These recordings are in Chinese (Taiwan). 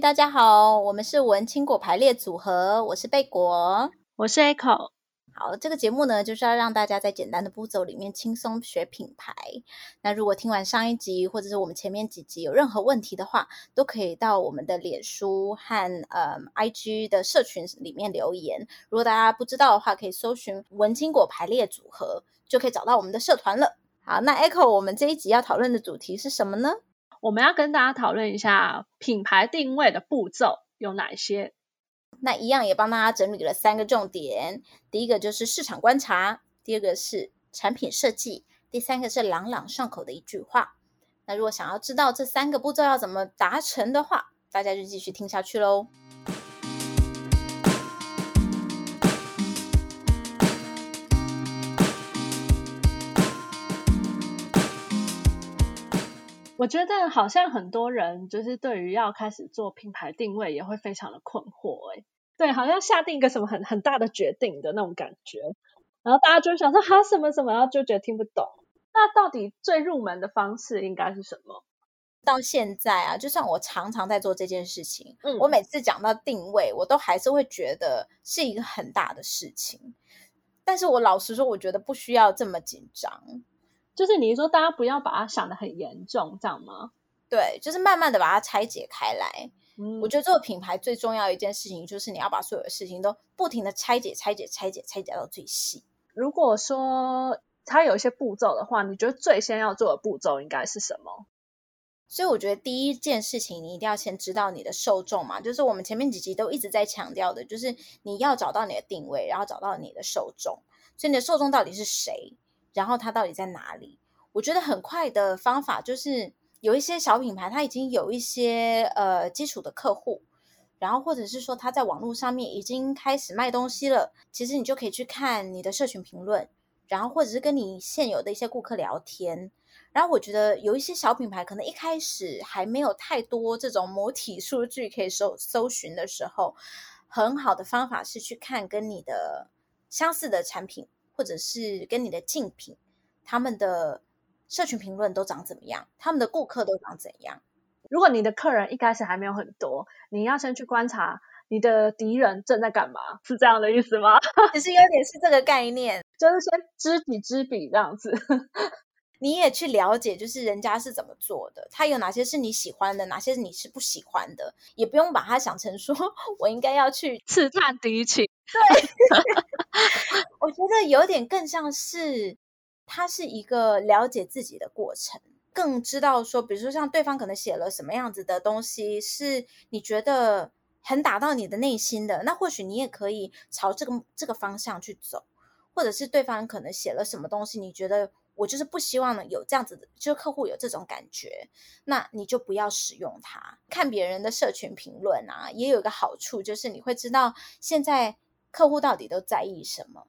大家好，我們是文青果排列組合，我是貝果，我是 Echo。好，這個節目呢，就是要讓大家在簡單的步驟裡面輕鬆學品牌。那如果聽完上一集或者是我們前面幾集有任何問題的話，都可以到我們的臉書和呃、嗯、IG 的社群裡面留言。如果大家不知道的話，可以搜尋文青果排列組合，就可以找到我們的社團了。好，那 Echo，我們這一集要討論的主題是什麼呢？我們要跟大家討論一下品牌定位的步驟有哪些？那一樣也幫大家整理了三個重點：第一個就是市場觀察，第二個是產品設計，第三個是朗朗上口的一句話。那如果想要知道這三個步驟要怎麼達成的話，大家就繼續聽下去嘍。我覺得好像很多人就是對於要開始做品牌定位也會非常的困惑。哎、欸，對，好像下定一個什麼很很大的決定的那種感覺，然後大家就想說他、啊、什麼什麼，然後就覺得聽不懂。那到底最入門的方式應該是什麼？到現在啊，就算我常常在做這件事情，嗯，我每次講到定位，我都還是會覺得是一個很大的事情。但是我老實說，我覺得不需要這麼緊張。就是你說大家不要把它想得很嚴重，這樣嗎？對，就是慢慢的把它拆解開來。嗯，我覺得做品牌最重要一件事情就是你要把所有的事情都不停的拆解、拆解、拆解、拆解到最細。如果說它有一些步驟的話，你覺得最先要做的步驟應該是什麼？所以我覺得第一件事情你一定要先知道你的受眾嘛，就是我們前面幾集都一直在強調的，就是你要找到你的定位，然後找到你的受眾。所以你的受眾到底是誰？然後它到底在哪裡？我覺得很快的方法就是有一些小品牌，他已經有一些呃基礎的客戶，然後或者是說他在網絡上面已經開始賣東西了。其實你就可以去看你的社群評論，然後或者是跟你現有的一些顧客聊天。然後我覺得有一些小品牌可能一開始還沒有太多這種母體數據可以搜搜尋的時候，很好的方法是去看跟你的相似的產品。或者是跟你的競品，他們的社群評論都長怎麼樣？他們的顧客都長怎樣？如果你的客人一開始還沒有很多，你要先去觀察你的敵人正在幹嘛，是這樣的意思嗎？只是有點是這個概念，就是先知己知彼這樣子。 你也去了解，就是人家是怎麼做的，他有哪些是你喜歡的，哪些你是不喜歡的，也不用把它想成說我應該要去刺探敵情。對， 我覺得有點更像是，它是一個了解自己的過程，更知道說，比如說像對方可能寫了什麼樣子的東西，是你覺得很打到你的內心的，那或許你也可以朝這個這個方向去走，或者是對方可能寫了什麼東西，你覺得我就是不希望呢有這樣子的，就是、客戶有這種感覺，那你就不要使用它。看別人的社群評論啊，也有一個好處就是你會知道現在。客戶到底都在意什麼？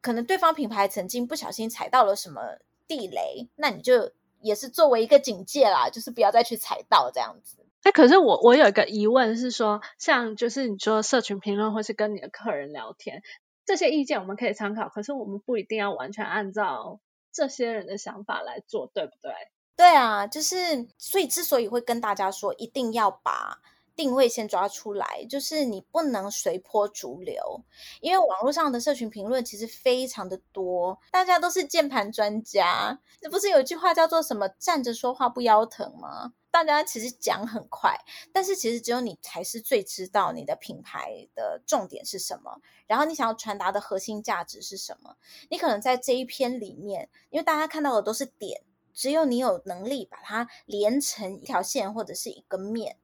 可能對方品牌曾經不小心踩到了什麼地雷，那你就也是作為一個警戒啦，就是不要再去踩到這樣子。哎，可是我我有一個疑問是說，像就是你說社群評論或是跟你的客人聊天，這些意見我們可以參考，可是我們不一定要完全按照這些人的想法來做，對不對？對啊，就是，所以之所以會跟大家說，一定要把，定位先抓出來，就是你不能隨波逐流，因為網絡上的社群評論其實非常的多，大家都是鍵盤專家。那不是有一句話叫做什麼“站着說話不腰疼”嗎？大家其實講很快，但是其實只有你才是最知道你的品牌的重點是什麼，然後你想要傳達的核心價值是什麼。你可能在這一篇裡面，因為大家看到的都是點，只有你有能力把它連成一條線或者是一個面。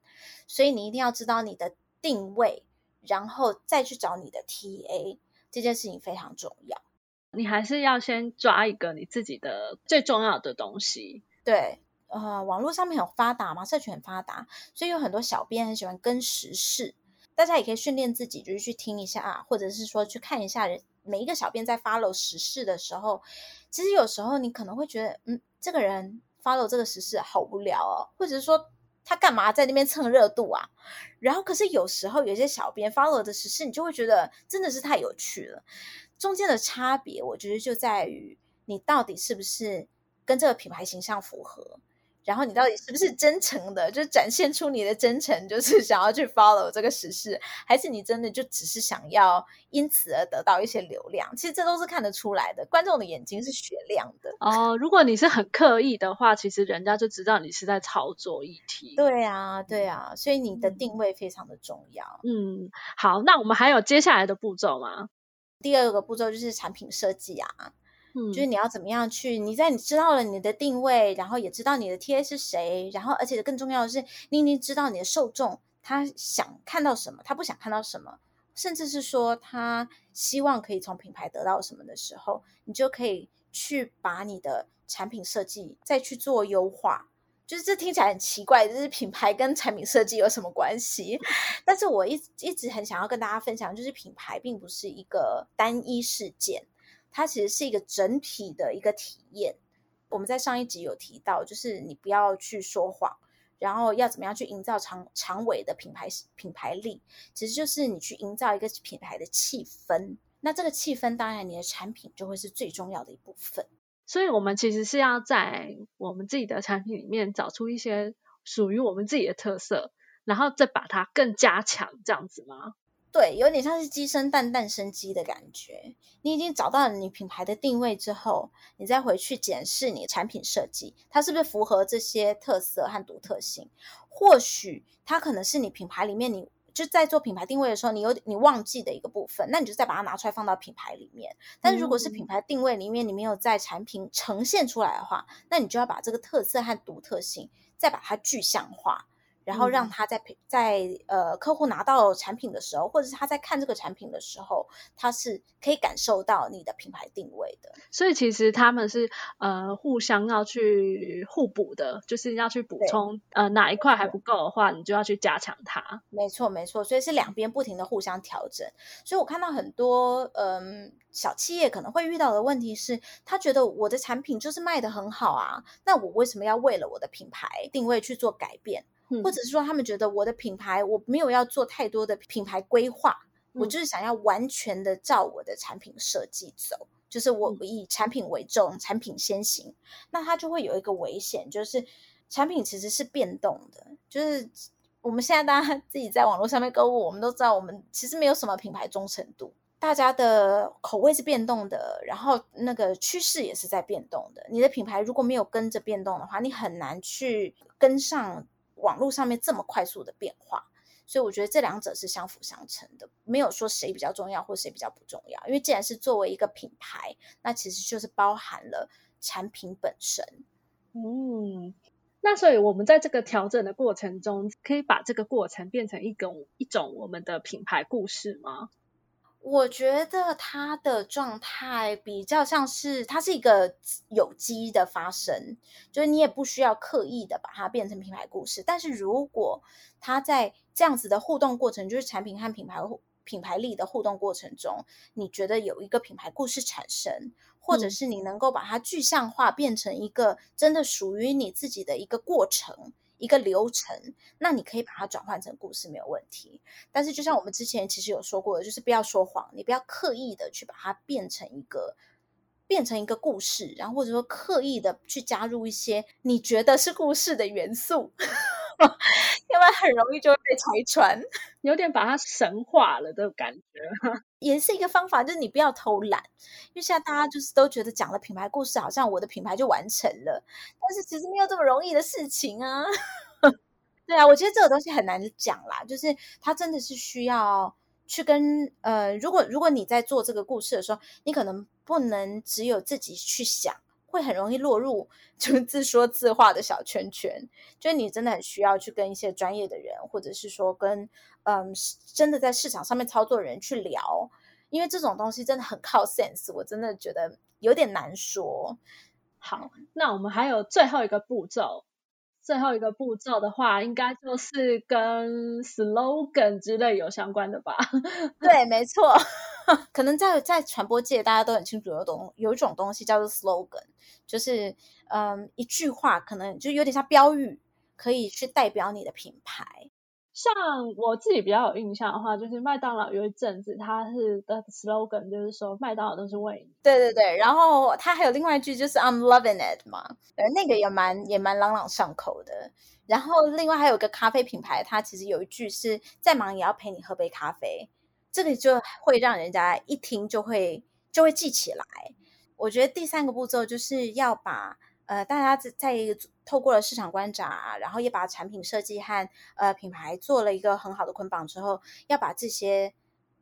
所以你一定要知道你的定位，然後再去找你的 TA，這件事情非常重要。你還是要先抓一個你自己的最重要的東西。對，呃，網絡上面很發達嘛，社群很發達，所以有很多小編很喜歡跟時事。大家也可以訓練自己，就是去聽一下，啊，或者是說去看一下每一個小編在 follow 時事的時候，其實有時候你可能會覺得，嗯，這個人 follow 這個時事好無聊哦，或者是說。他幹嘛在那邊蹭熱度啊？然後，可是有時候有些小編發了的時事，你就會覺得真的是太有趣了。中間的差別，我覺得就在於你到底是不是跟這個品牌形象符合。然後你到底是不是真誠的？就展現出你的真誠，就是想要去 follow 這個時事，還是你真的就只是想要因此而得到一些流量？其實這都是看得出來的，觀眾的眼睛是雪亮的。哦，如果你是很刻意的話， 其實人家就知道你是在操作議題。對啊，對啊，所以你的定位非常的重要。嗯，好，那我們還有接下來的步驟嗎？第二個步驟就是產品設計啊。就是你要怎麼樣去？你在你知道了你的定位，然後也知道你的 TA 是誰，然後而且更重要的是，你已經知道你的受眾，他想看到什麼，他不想看到什麼，甚至是說他希望可以從品牌得到什麼的時候，你就可以去把你的產品設計再去做優化。就是這聽起來很奇怪，就是品牌跟產品設計有什麼關係？ 但是我一一直很想要跟大家分享，就是品牌並不是一個單一事件。它其實是一個整體的一個體驗。我們在上一集有提到，就是你不要去說謊，然後要怎麼樣去營造長長尾的品牌品牌力，其實就是你去營造一個品牌的氣氛。那這個氣氛，當然你的產品就會是最重要的一部分。所以，我們其實是要在我們自己的產品裡面找出一些屬於我們自己的特色，然後再把它更加強，這樣子嗎？對，有點像是雞生蛋，蛋生雞的感覺。你已經找到了你品牌的定位之後，你再回去檢視你的產品設計，它是不是符合這些特色和獨特性？或許它可能是你品牌裡面，你就在做品牌定位的時候，你有你忘記的一個部分，那你就再把它拿出來放到品牌裡面。但是如果是品牌定位裡面你沒有在產品呈現出來的話，那你就要把這個特色和獨特性再把它具象化。然後讓他在、嗯、在，在呃客戶拿到產品的時候，或者是他在看這個產品的時候，他是可以感受到你的品牌定位的。所以其實他們是呃互相要去互補的，就是要去補充對呃哪一塊還不夠的話，對你就要去加強它。沒錯，沒錯。所以是兩邊不停的互相調整。所以我看到很多嗯、呃、小企業可能會遇到的問題是，他覺得我的產品就是賣得很好啊，那我為什麼要為了我的品牌定位去做改變？或者是說，他們覺得我的品牌，我沒有要做太多的品牌規劃，我就是想要完全的照我的產品設計走，嗯、就是我以產品為重，嗯、產品先行。那它就會有一個危險，就是產品其實是變動的。就是我們現在大家自己在網絡上面購物，我們都知道，我們其實沒有什麼品牌忠誠度，大家的口味是變動的，然後那個趨勢也是在變動的。你的品牌如果沒有跟着變動的話，你很難去跟上。網路上面這麼快速的變化，所以我覺得這兩者是相輔相成的，沒有說誰比較重要或誰比較不重要。因為既然是作為一個品牌，那其實就是包含了產品本身。嗯，那所以我們在這個調整的過程中，可以把這個過程變成一種一種我們的品牌故事嗎？我覺得它的狀態比較像是，它是一個有機的發生，就是你也不需要刻意的把它變成品牌故事。但是如果它在這樣子的互動過程，就是產品和品牌品牌力的互動過程中，你覺得有一個品牌故事產生，或者是你能夠把它具象化，變成一個真的屬於你自己的一個過程，一個流程，那你可以把它轉換成故事，沒有問題。但是，就像我們之前其實有說過的，就是不要說謊，你不要刻意的去把它變成一個變成一個故事，然後或者說刻意的去加入一些你覺得是故事的元素。 要不然很容易就會被拆穿，有點把它神化了的、這個、感覺。也是一個方法，就是你不要偷懶，因為現在大家就是都覺得講了品牌故事，好像我的品牌就完成了，但是其實沒有這麼容易的事情啊。 對啊，我覺得這個東西很難講啦，就是它真的是需要去跟呃，如果如果你在做這個故事的時候，你可能不能只有自己去想。會很容易落入就是自說自話的小圈圈，就是你真的很需要去跟一些專業的人，或者是說跟嗯真的在市場上面操作的人去聊，因為這種東西真的很靠 sense，我真的覺得有點難說。好，那我們還有最後一個步驟，最後一個步驟的話，應該就是跟 slogan 之類有相關的吧？對，沒錯。 可能在在傳播界，大家都很清楚有有一種東西叫做 slogan，就是嗯，一句話，可能就有點像標語，可以去代表你的品牌。像我自己比較有印象的話，就是麥當勞有一陣子，它是的 slogan 就是說麥當勞都是為你。對對對，然後它還有另外一句就是 I'm loving it 嘛，而那個也蠻也蠻朗朗上口的。然後另外還有一個咖啡品牌，它其實有一句是再忙也要陪你喝杯咖啡。這個就會讓人家一聽就會就會記起來。我覺得第三個步驟就是要把呃大家在，在一個透過了市場觀察，然後也把產品設計和呃品牌做了一個很好的捆綁之後，要把這些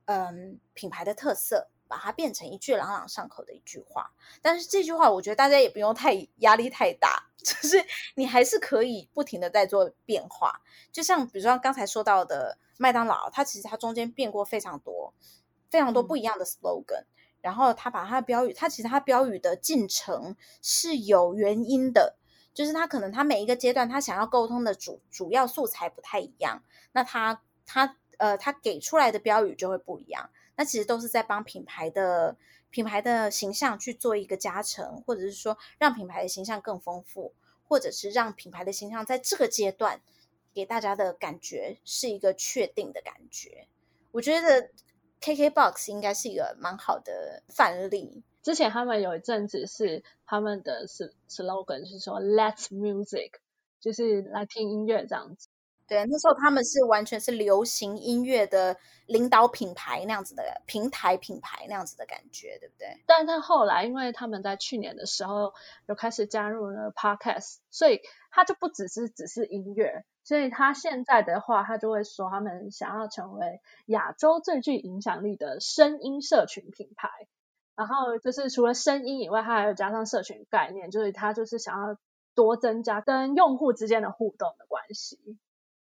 嗯、呃、品牌的特色。把它變成一句朗朗上口的一句話，但是這句話我覺得大家也不用太壓力太大，就是你還是可以不停的在做變化，就像比如說剛才說到的麥當勞，它其實它中間變過非常多，非常多不一樣的 slogan，嗯，然後它把它的標語，它其實它標語的進程是有原因的，就是它可能它每一個階段它想要溝通的主主要素材不太一樣，那它它呃它給出來的標語就會不一樣。那其實都是在幫品牌的品牌的形象去做一個加成，或者是說讓品牌的形象更豐富，或者是讓品牌的形象在這個階段給大家的感覺是一個確定的感覺。我覺得 KKBOX 應該是一個蠻好的範例。之前他們有一陣子是他們的 slogan 是說 Let's music，就是來聽音樂這樣子。對，那時候他們是完全是流行音樂的領導品牌那樣子的平台品牌那樣子的感覺，對不對？但是他後來因為他們在去年的時候就開始加入了 Podcast，所以他就不只是只是音樂，所以他現在的話，他就會說他們想要成為亞洲最具影響力的聲音社群品牌。然後就是除了聲音以外，他還有加上社群概念，就是他就是想要多增加跟用戶之間的互動的關係。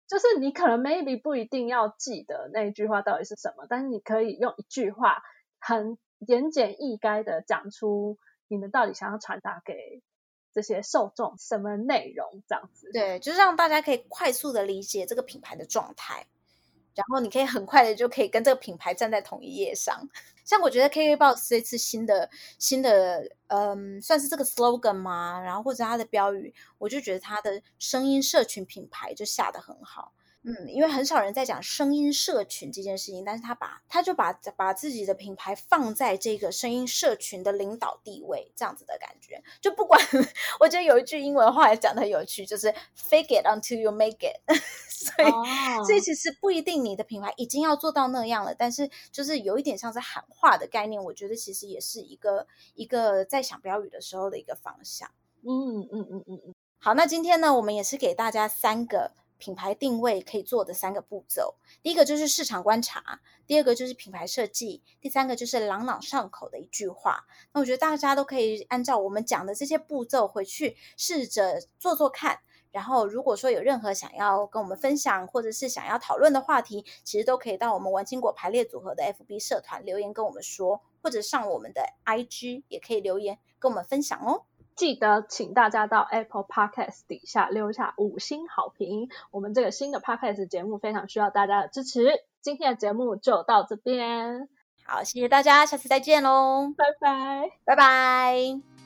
就是你可能 maybe 不一定要記得那一句話到底是什麼，但是你可以用一句話很言簡意賅的講出你們到底想要傳達給這些受眾什麼內容，這樣子。對，就是讓大家可以快速的理解這個品牌的狀態，然後你可以很快的就可以跟這個品牌站在同一頁上。像我覺得 KKBOX 這次新的新的，嗯，算是這個 slogan 嗎？然後或者它的標語，我就覺得它的聲音社群品牌就下得很好。嗯，因為很少人在講聲音社群這件事情，但是他把他就把把自己的品牌放在這個聲音社群的領導地位，這樣子的感覺。就不管，我覺得有一句英文話也講得有趣，就是 “fake it until you make it”。 所以，哦、所以其實不一定你的品牌已經要做到那樣了，但是就是有一點像是喊話的概念。我覺得其實也是一個一個在想標語的時候的一個方向。嗯嗯嗯嗯嗯。嗯嗯嗯好，那今天呢，我們也是給大家三個。品牌定位可以做的三個步驟，第一個就是市場觀察，第二個就是品牌設計，第三個就是朗朗上口的一句話。那我覺得大家都可以按照我們講的這些步驟回去試着做做看。然後，如果說有任何想要跟我們分享，或者是想要討論的話題，其實都可以到我們文青果排列組合的 FB 社團留言跟我們說，或者上我們的 IG 也可以留言跟我們分享哦。記得請大家到 Apple Podcast 底下留下五星好評，我們這個新的 Podcast 節目非常需要大家的支持。今天的節目就到這邊，好，謝謝大家，下次再見嘍，拜拜，拜拜。